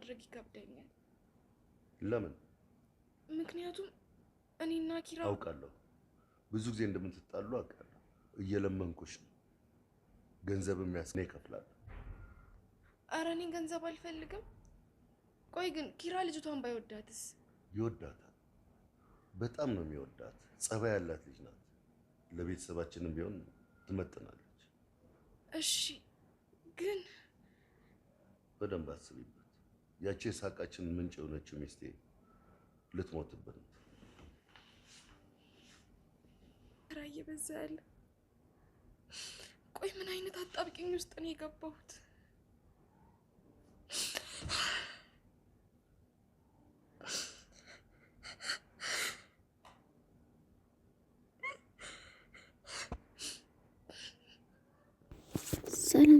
ማድረግ ይከብደኛል። ለምን? ምክንያቱም እኔና ኪራ አውቃለሁ፣ ብዙ ጊዜ እንደምትጣሉ አውቃለሁ። እየለመንኩሽ ነው። ገንዘብ የሚያስነ ይከፍላል። አረ እኔ ገንዘብ አልፈልግም። ቆይ ግን ኪራ ልጅቷን ባይወዳትስ? ይወዳታል። በጣም ነው የሚወዳት። ጸባይ ያላት ልጅ ናት። ለቤተሰባችንም ቢሆን ትመጥናለች። እሺ ግን በደንብ አስቢበት። ያቺ የሳቃችን ምንጭ የሆነችው ሚስቴ ልትሞትብን ነው። ራ እየበዛ ያለ ቆይ፣ ምን አይነት አጣብቂኝ ውስጥ ነው የገባሁት?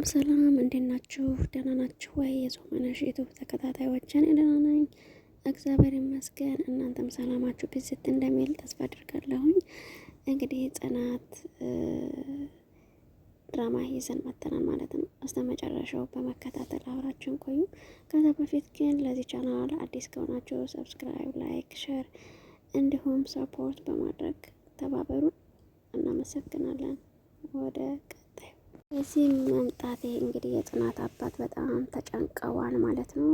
ሰላም ሰላም፣ እንዴት ናችሁ? ደህና ናችሁ ወይ? የዞመነሽ ዩቱብ ተከታታዮችን ደህና ነኝ እግዚአብሔር ይመስገን። እናንተም ሰላማችሁ ብዝት እንደሚል ተስፋ አድርጋለሁኝ። እንግዲህ ጽናት ድራማ ይዘን መተናል ማለት ነው። በስተመጨረሻው በመከታተል አብራችሁን ቆዩ። ከዛ በፊት ግን ለዚህ ቻናል አዲስ ከሆናችሁ ሰብስክራይብ፣ ላይክ፣ ሸር እንዲሁም ሰፖርት በማድረግ ተባበሩን። እናመሰግናለን። ወደ እዚህ መምጣቴ እንግዲህ የጽናት አባት በጣም ተጨንቀዋል ማለት ነው።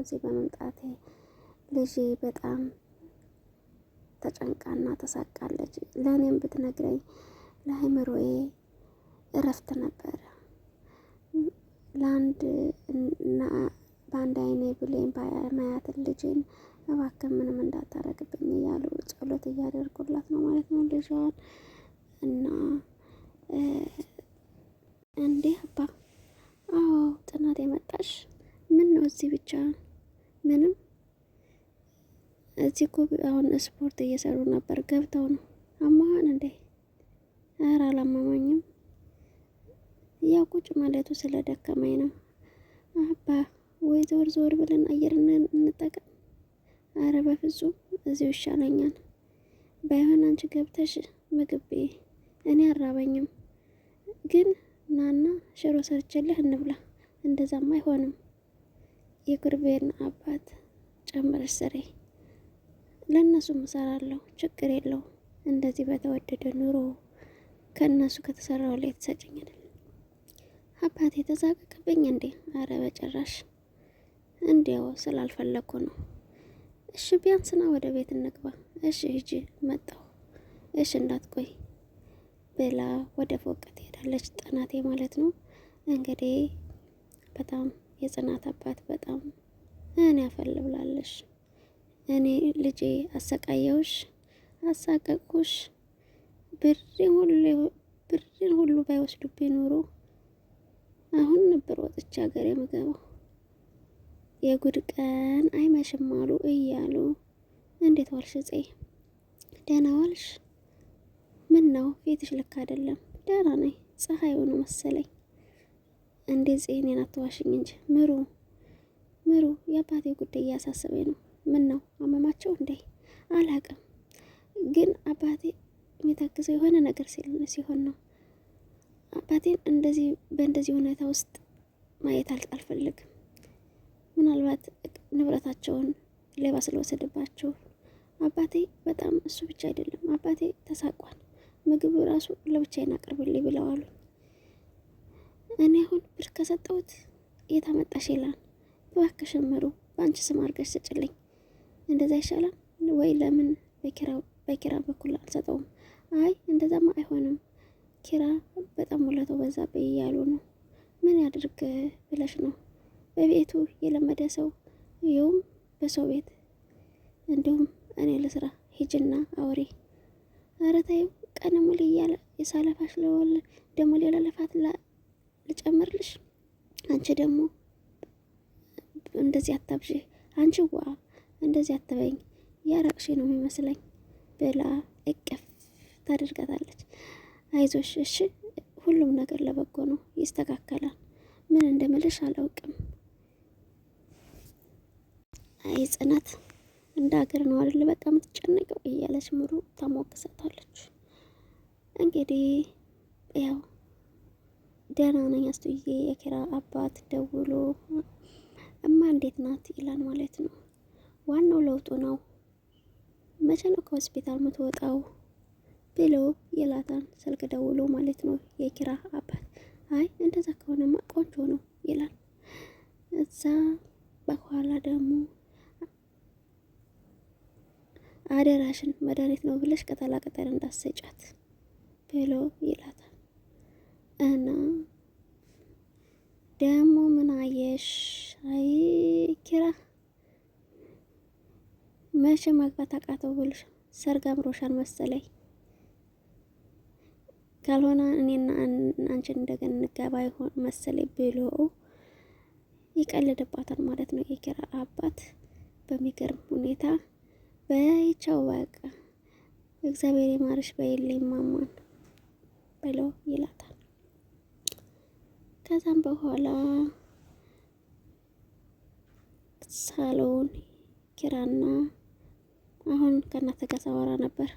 እዚህ በመምጣቴ ልጅ በጣም ተጨንቃና ተሳቃለች። ለእኔም ብትነግረኝ ለአእምሮዬ እረፍት ነበረ። ለአንድ እና በአንድ አይኔ ብሌን ማያትን ልጅን እባክህ ምንም እንዳታረግብኝ እያሉ ጸሎት እያደርጉላት ነው ማለት ነው ልጇን እና እንዴ አባ? አዎ ጽናት የመጣሽ ምን ነው? እዚህ ብቻ ምንም። እዚህ እኮ አሁን ስፖርት እየሰሩ ነበር፣ ገብተው ነው። አማሃን እንዴ? ኧረ አላማማኝም፣ ያው ቁጭ ማለቱ ስለደከመኝ ነው። አባ ወይ ዞር ዞር ብለን አየር እንጠቀም። አረ በፍጹም እዚሁ ይሻለኛል። ባይሆን አንቺ ገብተሽ ምግብ እኔ አራበኝም ግን ናና ሽሮ ሰርችልህ እንብላ። እንደዛም አይሆንም። የጉርቤን አባት ጨምረሽ ስሬ ለእነሱም እሰራለሁ፣ ችግር የለው እንደዚህ በተወደደ ኑሮ ከእነሱ ከተሰራው ላይ አይደል? አባት የተዛቀቀብኝ እንዴ? አረ በጭራሽ እንዲያው ስላልፈለግኩ ነው። እሺ ና ወደ ቤት እንግባ። እሺ ሂጂ፣ መጣሁ። እሺ እንዳትቆይ ብላ ወደ ፎቅ ትቀራለች ጽናቴ ማለት ነው። እንግዲህ በጣም የጽናት አባት በጣም እኔ አፈል ብላለሽ። እኔ ልጄ አሰቃየውሽ፣ አሳቀቁሽ ብሬን ሁሉ ብሬን ሁሉ ባይወስዱብኝ ኖሮ አሁን ነበር ወጥቼ ሀገር የምገባው። የጉድ ቀን አይመሽም አሉ እያሉ እንዴት ዋልሽ እፄ? ደህና ዋልሽ? ምን ነው ቤትሽ ልክ አይደለም። ደህና ነኝ ፀሐይ ሆኖ መሰለኝ። እንዴ ጽኔን አትዋሽኝ እንጂ ምሩ ምሩ፣ የአባቴ ጉዳይ እያሳሰበኝ ነው። ምን ነው አመማቸው እንዴ? አላቅም፣ ግን አባቴ የሚታግዘው የሆነ ነገር ሲሆን ነው። አባቴን እንደዚህ በእንደዚህ ሁኔታ ውስጥ ማየት አልፈልግም። ምናልባት ንብረታቸውን ሌባ ስለወሰደባቸው አባቴ በጣም እሱ ብቻ አይደለም አባቴ ተሳቋል። ምግብ ራሱ ለብቻዬን አቅርብልኝ ብለዋሉ። እኔ አሁን ብር ከሰጠሁት የታመጣሽ ይላል። እባክሽ እምሩ በአንቺ ስም አድርገሽ ስጭልኝ፣ እንደዛ ይሻላል ወይ? ለምን በኪራ በኩል አልሰጠውም? አይ እንደዛማ አይሆንም፣ ኪራ በጣም ውለታው በዛብኝ እያሉ ነው። ምን ያድርግ ብለሽ ነው? በቤቱ የለመደ ሰው ይኸውም በሰው ቤት እንዲሁም እኔ ለስራ ሂጅና አውሬ አረታይም ቀን ሙሉ እያለ የሳለፋሽ ለወል ደግሞ ሌላ ልፋት ልጨምርልሽ። አንቺ ደግሞ እንደዚህ አታብሽ፣ አንቺ ዋ እንደዚህ አትበኝ፣ ያራቅሽ ነው የሚመስለኝ ብላ እቅፍ ታደርጋታለች። አይዞሽ፣ እሺ፣ ሁሉም ነገር ለበጎ ነው፣ ይስተካከላል። ምን እንደምልሽ አላውቅም። አይ ጽናት፣ እንደ ሀገር ነው አይደል በቃ የምትጨነቀው እያለች ምሩ ታሞግሳታለች። እንግዲህ ያው ደህና ነኝ አስቱዬ የኪራ አባት ደውሎ እማ እንዴት ናት ይላል ማለት ነው። ዋናው ለውጡ ነው። መቼ ነው ከሆስፒታል የምትወጣው ብሎ ይላታል ስልክ ደውሎ ማለት ነው። የኪራ አባት አይ እንደዛ ከሆነማ ቆንጆ ነው ይላል። እዛ በኋላ ደግሞ አደራሽን መድኃኒት ነው ብለሽ ቅጠላ ቅጠል እንዳሰጫት ብለው ይላታል። እና ደግሞ ምን አየሽ? አይ ኪራ መቼ መግባት አቃተው ብልሽ ሰርግ አምሮሻል መሰለኝ። ካልሆነ እኔና አንቺን እንደገና እንጋባ ይሆን መሰለኝ ብሎ ይቀልድባታል ማለት ነው የኪራ አባት በሚገርም ሁኔታ በይቻው በቃ እግዚአብሔር ይማርሽ በይልኝ ማማን በለው ይላታል። ከዛም በኋላ ሳሎን ኪራና አሁን ከእናተ ጋር ሳወራ ነበር።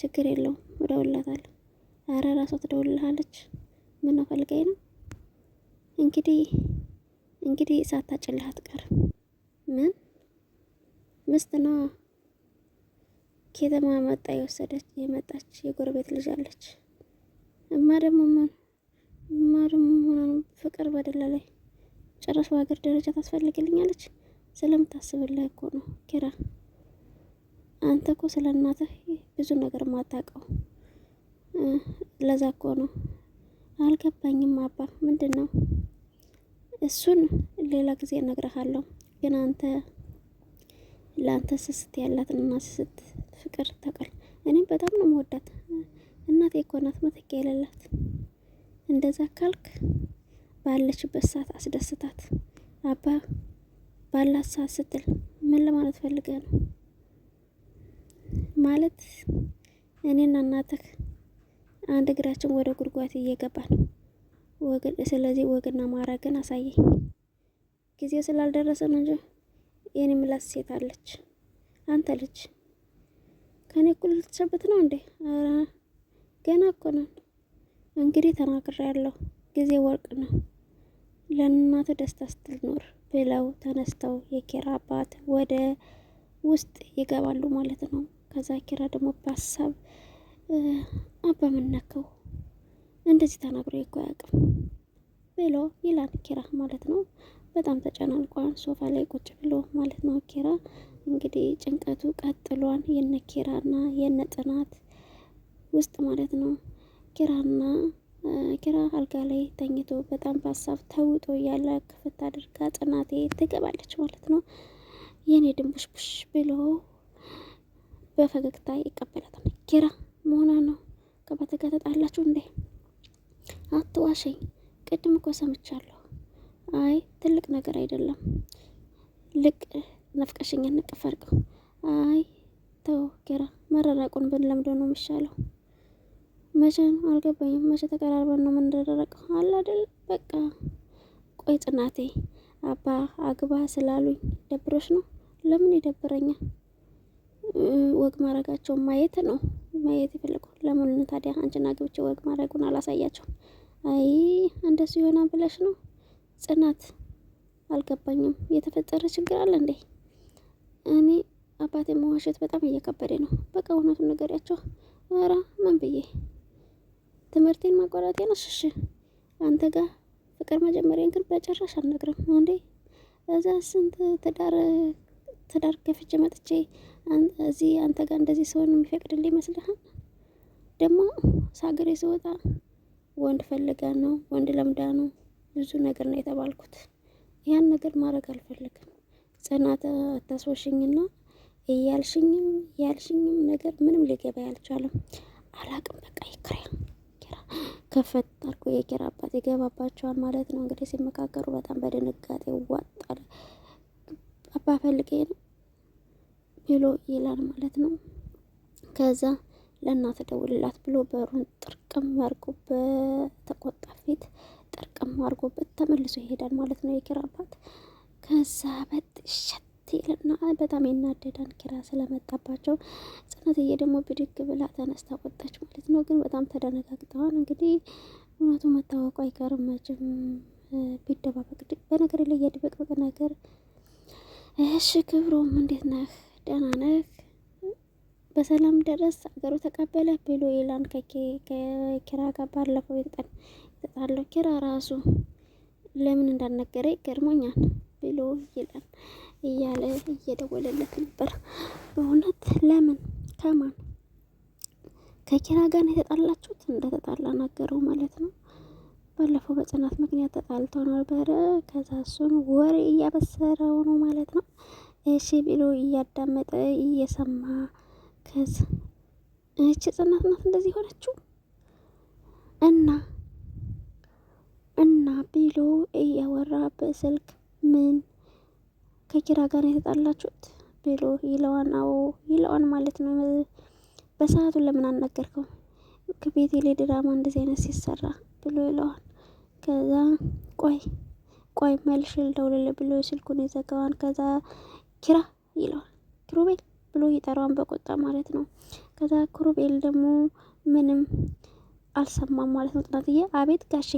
ችግር የለውም እደውልላታለሁ። አረ ራሷ ትደውልልሃለች። ምን ፈልጋኝ ነው? እንግዲህ እንግዲህ ሳታጭልህ አትቀርም። ምን ምስት ነዋ። ከተማ መጣ የወሰደች የመጣች የጎረቤት ልጅ አለች። እማ ደግሞ እማ ደግሞ ሆና ነው ፍቅር በደላ ላይ ጨረሱ። ሀገር ደረጃ ታስፈልግልኛለች ስለምታስብልህ እኮ ነው ኪራ። አንተ እኮ ስለ እናትህ ብዙ ነገር ማታውቀው ለዛ እኮ ነው። አልገባኝም አባ ምንድን ነው? እሱን ሌላ ጊዜ እነግርሃለሁ። ግን አንተ ለአንተ ስስት ያላትና ስስት ፍቅር ታውቃለህ። እኔም በጣም ነው መወዳት እናቴ እኮ ናት መተኪያ የሌላት። እንደዛ ካልክ ባለችበት ሰዓት አስደስታት። አባ ባላት ሰዓት ስትል ምን ለማለት ፈልገ ነው? ማለት እኔና እናትህ አንድ እግራችን ወደ ጉድጓት እየገባን ነው። ስለዚህ ወግና ማዕረግን አሳየኝ። ጊዜ ስላልደረሰ ነው እንጂ የኔ ምላስ ሴት አለች። አንተ ልጅ ከኔ እኩል ልትሸበት ነው እንዴ? ገና እኮ ነን። እንግዲህ ተናግሬ ያለው ጊዜ ወርቅ ነው። ለእናቱ ደስታ ስትል ኖር ብለው ተነስተው የኪራ አባት ወደ ውስጥ ይገባሉ ማለት ነው። ከዛ ኪራ ደግሞ በሀሳብ አባ ምነከው እንደዚህ ተናግሮ እኮ አያውቅም ብሎ ይላል ኪራ ማለት ነው። በጣም ተጨናንቋን ሶፋ ላይ ቁጭ ብሎ ማለት ነው። ኪራ እንግዲህ ጭንቀቱ ቀጥሏል። የነ እና የነ ጥናት። ውስጥ ማለት ነው። ኪራና ኪራ አልጋ ላይ ተኝቶ በጣም በሀሳብ ተውጦ ያለ ክፍት አድርጋ ጽናቴ ትገባለች ማለት ነው። የእኔ ቡሽ ብሎ በፈገግታ ይቀበላታል። ኪራ መሆኗ ነው ከባተ ጋር ተጣላችሁ እንዴ? አትዋሸኝ፣ ቅድም እኮ ሰምቻለሁ። አይ ትልቅ ነገር አይደለም፣ ልቅ ነፍቀሽኝ እንቅፍ አይ ተው ኪራ፣ መራራቁን ብንለምደው ነው የሚሻለው። መቼ አልገባኝም። መቼ ተቀራርበን ነው ምንደረቀ አለ አይደል በቃ ቆይ ጽናቴ አባ አግባ ስላሉኝ ደብሮች ነው? ለምን ይደብረኛል? ወግ ማድረጋቸውን ማየት ነው ማየት ይፈልጉ። ለምን ታዲያ አንቺና ግብቼ ወግ ማድረጉን አላሳያቸው? አይ እንደሱ ይሆና ብለሽ ነው ጽናት? አልገባኝም። የተፈጠረ ችግር አለ እንዴ? እኔ አባቴ መዋሸት በጣም እየከበደ ነው። በቃ እውነቱን ንገሪያቸው። ኧረ ምን ብዬ ትምህርቴን ማቋረጤን እሽሽ አንተ ጋር ፍቅር መጀመሪያን ግን በጭራሽ አልነግርም ነው እንዴ? እዛ ስንት ትዳር ትዳር ከፍቼ መጥቼ እዚህ አንተ ጋር እንደዚህ ሰውን የሚፈቅድልኝ ይመስልሃል? ደግሞ ሳገሬ ስወጣ ወንድ ፈልጋ ነው ወንድ ለምዳ ነው ብዙ ነገር ነው የተባልኩት። ያን ነገር ማድረግ አልፈልግም። ጽናት አታስወሽኝና እያልሽኝም ያልሽኝም ነገር ምንም ሊገባ ያልቻለም አላቅም። በቃ ይክሪያ ከፈት አርጎ የኪራ አባት ይገባባቸዋል ማለት ነው። እንግዲህ ሲመካከሩ በጣም በድንጋጤ ዋጣል። አባ ፈልጌ ነው ብሎ ይላል ማለት ነው። ከዛ ለእናት ደውልላት ብሎ በሩን ጥርቅም አርጎ በተቆጣ ፊት ጥርቅም አድርጎበት ተመልሶ ይሄዳል ማለት ነው የኪራ አባት ከዛ በጥ ትልና በጣም የናደዳን ኪራ ስለመጣባቸው ጽናትዬ ደግሞ ብድግ ብላ ተነስታ ወጣች ማለት ነው። ግን በጣም ተደነጋግጠዋል። እንግዲህ እውነቱ መታወቁ አይቀርም መቼም ቢደባበቅ። በነገር ላይ የድብቅብቅ ነገር እሺ። ክብሮም እንዴት ነህ? ደህና ነህ? በሰላም ደረስ አገሩ ተቀበለ ብሎ ይላን ከኪራ ጋር ባለፈው የተጣለው ኪራ ራሱ ለምን እንዳልነገረ ይገርሞኛል ብሎ ይላል። እያለ እየደወለለት ነበር። በእውነት ለምን ከማን ከኪራ ጋር ነው የተጣላችሁት? እንደተጣላ ነገረው ማለት ነው። ባለፈው በጽናት ምክንያት ተጣልተው ነበረ። ከዛ እሱን ወሬ እያበሰረው ነው ማለት ነው። እሺ ብሎ እያዳመጠ እየሰማ ከዝ እች ጽናት ናት እንደዚህ ሆነችው እና እና ብሎ እያወራ በስልክ ምን ከኪራ ጋር የተጣላችሁት ብሎ ይለዋን። አዎ ይለዋን ማለት ነው። በሰዓቱ ለምን አልነገርከው? ከቤቴ ላይ ድራማ እንደዚህ አይነት ሲሰራ ብሎ ይለዋል። ከዛ ቆይ ቆይ መልሼ ልደውልልህ ብሎ ስልኩን የዘጋዋን። ከዛ ኪራ ይለዋል። ክሩቤል ብሎ ይጠራዋን በቁጣ ማለት ነው። ከዛ ክሩቤል ደግሞ ምንም አልሰማም ማለት ነው። ጽናትዬ አቤት ጋሼ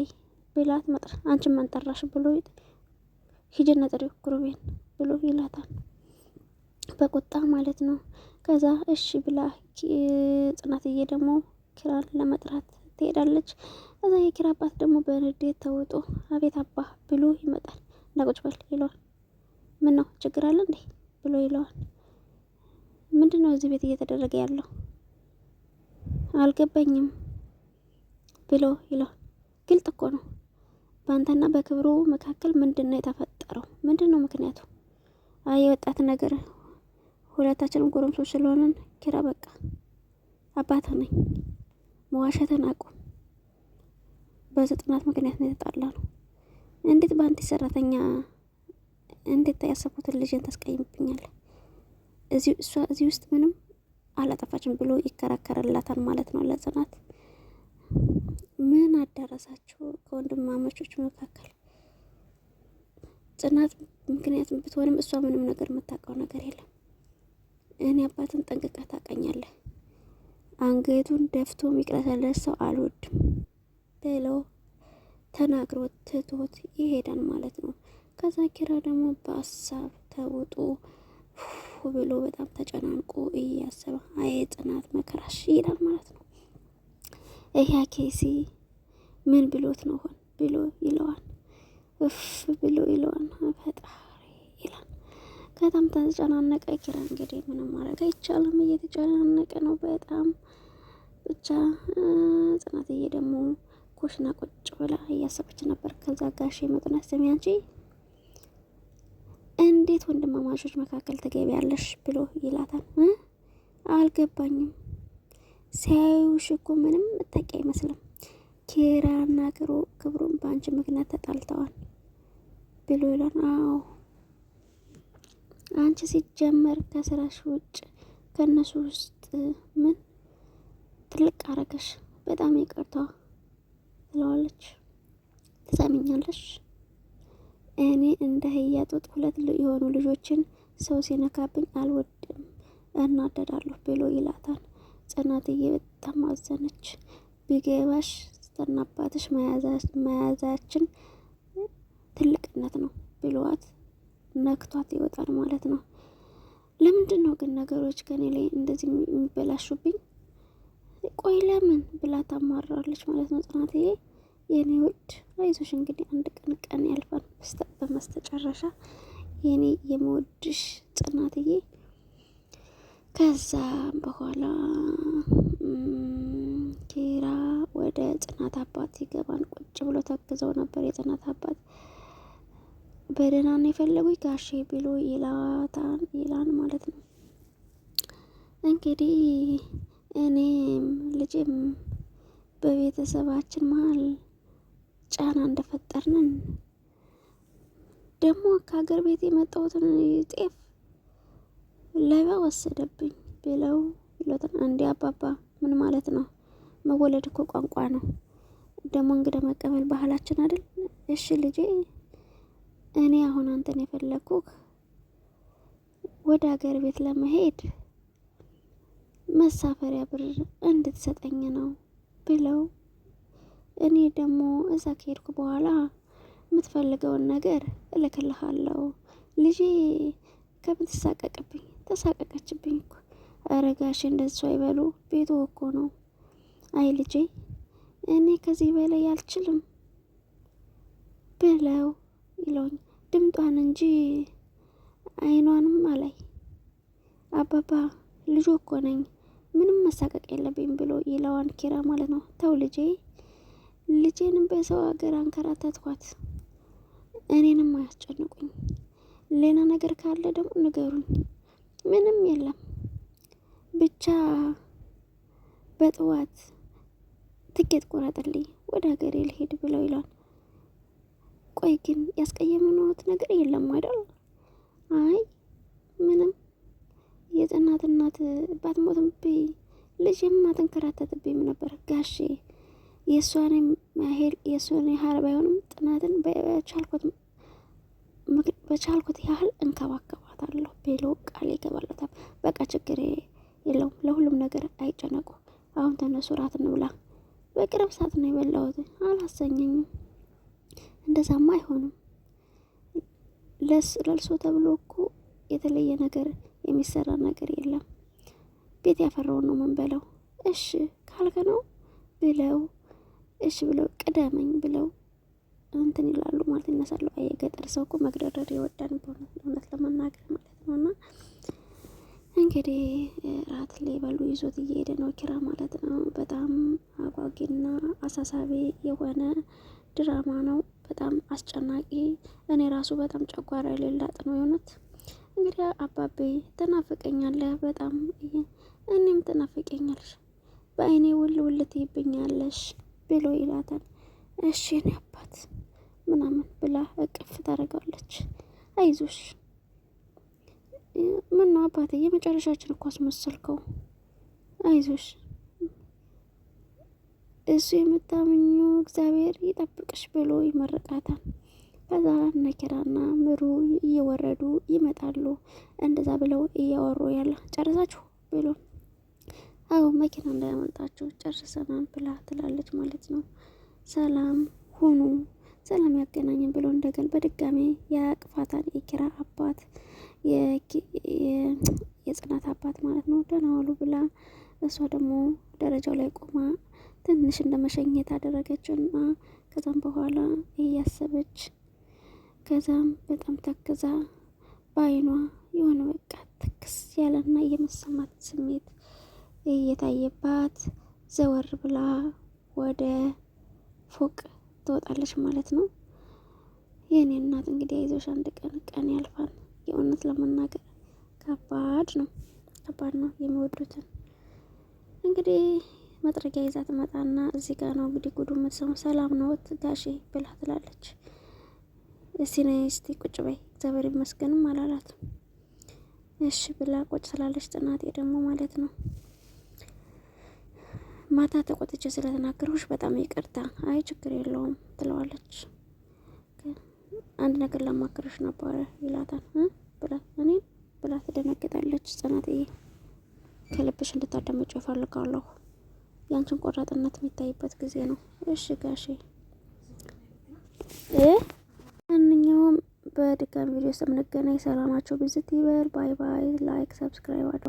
ብላት መጥራ አንቺን መንጠራሽ ብሎ ሂጅ ነጥሪው ኪሩቤል ብሎ ይላታል በቁጣ ማለት ነው። ከዛ እሺ ብላ ጽናትዬ ደግሞ ኪራን ለመጥራት ትሄዳለች። ከዛ የኪራ አባት ደግሞ በንዴት ተውጦ አቤት አባ ብሎ ይመጣል። እንዳቁጭ በል ይለዋል። ምን ነው ችግር አለ እንዴ ብሎ ይለዋል። ምንድን ነው እዚህ ቤት እየተደረገ ያለው አልገባኝም ብሎ ይለዋል። ግልጥ እኮ ነው። በአንተና በክብሩ መካከል ምንድን ነው የተፈጠረው? ምንድን ነው ምክንያቱ? የወጣት ነገር ሁለታችንም ጎረምሶች ስለሆንን ኪራ በቃ አባት ነኝ። መዋሸትን አቁም። በዘጥናት ምክንያት ነው የተጣላ ነው። እንዴት በአንዲት ሰራተኛ እንዴት ያሰብኩትን ልጅን ታስቀይምብኛለህ? እዚህ እሷ እዚህ ውስጥ ምንም አላጠፋችም ብሎ ይከራከርላታል ማለት ነው ለጽናት። ምን አዳረሳችሁ ከወንድማማቾች መካከል ጽናት ምክንያትም ብትሆንም እሷ ምንም ነገር የምታውቀው ነገር የለም። እኔ አባትን ጠንቅቃ ታውቃኛለህ። አንገቱን ደፍቶ የሚቅለሰለስ ሰው አልወድም ብሎ ተናግሮ ትቶት ይሄዳል ማለት ነው። ከዛ ኪራ ደግሞ በሀሳብ ተውጦ ብሎ በጣም ተጨናንቆ እያሰበ አይ ጽናት መከራሽ ይሄዳል ማለት ነው። ይሄ ኬሲ ምን ብሎት ነው ሆን ብሎ ይለዋል። እፍ ብሎ ይለዋል ፈጣሪ ይላል። ከጣም ተጨናነቀ ኪራ። እንግዲህ ምንም ማድረግ አይቻልም፣ እየተጨናነቀ ነው በጣም ብቻ። ጽናትዬ ደግሞ ኮሽና ቁጭ ብላ እያሰበች ነበር። ከዛ ጋሽ መጡና ስሚ አንቺ እንዴት ወንድማማቾች መካከል ትገቢያለሽ ብሎ ይላታል። አልገባኝም ሲያዩሽ እኮ ምንም እምታውቂ አይመስልም። ኪራና ክብሩን በአንቺ ምክንያት ተጣልተዋል። ብሎ ይላል። አዎ አንቺ ሲጀመር ከስራሽ ውጭ ከእነሱ ውስጥ ምን ትልቅ አረገሽ? በጣም ይቅርታ ትለዋለች። ትሰሚኛለሽ? እኔ እንደ አህያ ጡት ሁለት የሆኑ ልጆችን ሰው ሲነካብኝ አልወድም፣ እናደዳለሁ ብሎ ይላታል። ጽናትዬ በጣም አዘነች። ቢገባሽ ስትናባትሽ መያዛችን ትልቅነት ነው ብሏት ነክቷት ይወጣል ማለት ነው። ለምንድን ነው ግን ነገሮች ከኔ ላይ እንደዚህ የሚበላሹብኝ? ቆይ ለምን ብላ ታማራለች ማለት ነው። ጽናትዬ የኔ ውድ አይዞሽ፣ እንግዲህ አንድ ቀን ቀን ያልፋል። በመስተጨረሻ የኔ የመወድሽ ጽናትዬ፣ ከዛ በኋላ ኪራ ወደ ጽናት አባት ይገባን። ቁጭ ብሎ ተግዘው ነበር የጽናት አባት በደህና ነው የፈለጉኝ ጋሼ ብሎ ይላታል ይላል ማለት ነው። እንግዲህ እኔም ልጅም በቤተሰባችን መሀል ጫና እንደፈጠርንን ደግሞ ከሀገር ቤት የመጣሁትን ጤፍ ለባ ወሰደብኝ ብለው ይሎትን እንዲ አባባ ምን ማለት ነው? መወለድ እኮ ቋንቋ ነው። ደግሞ እንግዳ መቀበል ባህላችን አይደል? እሺ ልጄ እኔ አሁን አንተን የፈለኩክ ወደ ሀገር ቤት ለመሄድ መሳፈሪያ ብር እንድትሰጠኝ ነው ብለው እኔ ደግሞ እዛ ከሄድኩ በኋላ የምትፈልገውን ነገር እልክልሃለሁ። ልጄ ከምን ትሳቀቅብኝ? ተሳቀቀችብኝ እኮ። ኧረ እንደሱ አይበሉ፣ ቤቱ እኮ ነው። አይ ልጄ፣ እኔ ከዚህ በላይ አልችልም ብለው ይለውኝ ድምጧን እንጂ አይኗንም አላይ። አባባ ልጆ እኮ ነኝ ምንም መሳቀቅ የለብኝ ብሎ ይለዋን ኪራ ማለት ነው። ተው ልጄ፣ ልጄንም በሰው ሀገር አንከራተትኳት። እኔንም አያስጨንቁኝ። ሌላ ነገር ካለ ደግሞ ንገሩኝ። ምንም የለም ብቻ በጥዋት ትኬት ቆረጥልኝ ወደ ሀገሬ ልሄድ ብለው ይለዋል። ቆይ ግን ያስቀየምንዎት ነገር የለም አይደል? አይ ምንም የጽናት እናት ባትሞትም ብይ ልጅ የማትንከራተትብኝም ነበር ጋሼ። የእሷን ያህል የእሷን ያህል ባይሆንም ጽናትን በቻልኩት ያህል እንከባከባታለሁ ብሎ ቃል ይገባለታል። በቃ ችግር የለውም ለሁሉም ነገር አይጨነቁ። አሁን ተነሱ፣ ራት እንብላ። በቅርብ ሰዓት ነው የበላሁት፣ አላሰኘኝም። እንደዛማ አይሆንም። ለእርሶ ተብሎ እኮ የተለየ ነገር የሚሰራ ነገር የለም። ቤት ያፈራውን ነው ምን በለው። እሺ ካልከ ነው ብለው እሺ ብለው ቅደመኝ ብለው እንትን ይላሉ ማለት ይነሳሉ። አይ ገጠር ሰው እኮ መግዳደር ይወዳል በእውነት ለመናገር ማለት ነው። እና እንግዲህ ራት ሊበሉ ይዞት እየሄደ ነው ኪራ ማለት ነው። በጣም አጓጊና አሳሳቢ የሆነ ድራማ ነው። በጣም አስጨናቂ እኔ ራሱ በጣም ጨጓራ የሌላት ነው የሆነት። እንግዲህ አባቤ ትናፍቀኛለህ በጣም እኔም ትናፍቀኛለሽ፣ በአይኔ ውል ውል ትይብኛለሽ ብሎ ይላታል። እሺ እኔ አባት ምናምን ብላ እቅፍ ታደርጋለች። አይዞሽ ምን ነው አባቴ፣ የመጨረሻችን እኮ አስመሰልከው። አይዞሽ እሱ የምታምኙ እግዚአብሔር ይጠብቅሽ ብሎ ይመርቃታል። ከዛ ነኪራና ምሩ እየወረዱ ይመጣሉ። እንደዛ ብለው እያወሩ ያለ ጨርሳችሁ ብሎ አዎ መኪና እንዳያመልጣችሁ ጨርሰናል ብላ ትላለች ማለት ነው። ሰላም ሁኑ ሰላም ያገናኘን ብሎ እንደገን በድጋሚ የቅፋታን የኪራ አባት የጽናት አባት ማለት ነው ደህና ዋሉ ብላ እሷ ደግሞ ደረጃው ላይ ቆማ ትንሽ እንደመሸኘት ና ከዛም በኋላ እያሰበች ከዛም በጣም ተክዛ በአይኗ የሆነ በቃ ትክስ ያለና የመሰማት ስሜት እየታየባት ዘወር ብላ ወደ ፎቅ ትወጣለች ማለት ነው። የእኔ እናት እንግዲህ አይዞሽ፣ አንድ ቀን ቀን ያልፋል። የእውነት ለመናገር ከባድ ነው፣ ከባድ ነው። የሚወዱትን እንግዲህ መጥረጊያ ይዛ ትመጣና እዚህ ጋር ነው እንግዲህ ጉዱ የምትሰሙ። ሰላም ነዎት ጋሼ ብላ ትላለች። እስቲ ነይ እስቲ ቁጭ በይ እግዚአብሔር ይመስገንም አላላት እሺ ብላ ቁጭ ትላለች ጥናጤ ደግሞ ማለት ነው ማታ ተቆጥቼ ስለተናገርኩሽ በጣም ይቅርታ። አይ ችግር የለውም ትለዋለች። አንድ ነገር ለማክረሽ ነበረ ይላታል። ብላ እኔ ብላ ትደነግጣለች ጽናትዬ ከልብሽ እንድታዳመጪው እፈልጋለሁ ያንቺን ቆራጥነት የሚታይበት ጊዜ ነው። እሺ ጋሼ ማንኛውም በድጋሚ ቪዲዮ ስምንገናኝ ሰላማቸው ብዝት ይበል። ባይ ባይ። ላይክ ሰብስክራይብ አድርጉ።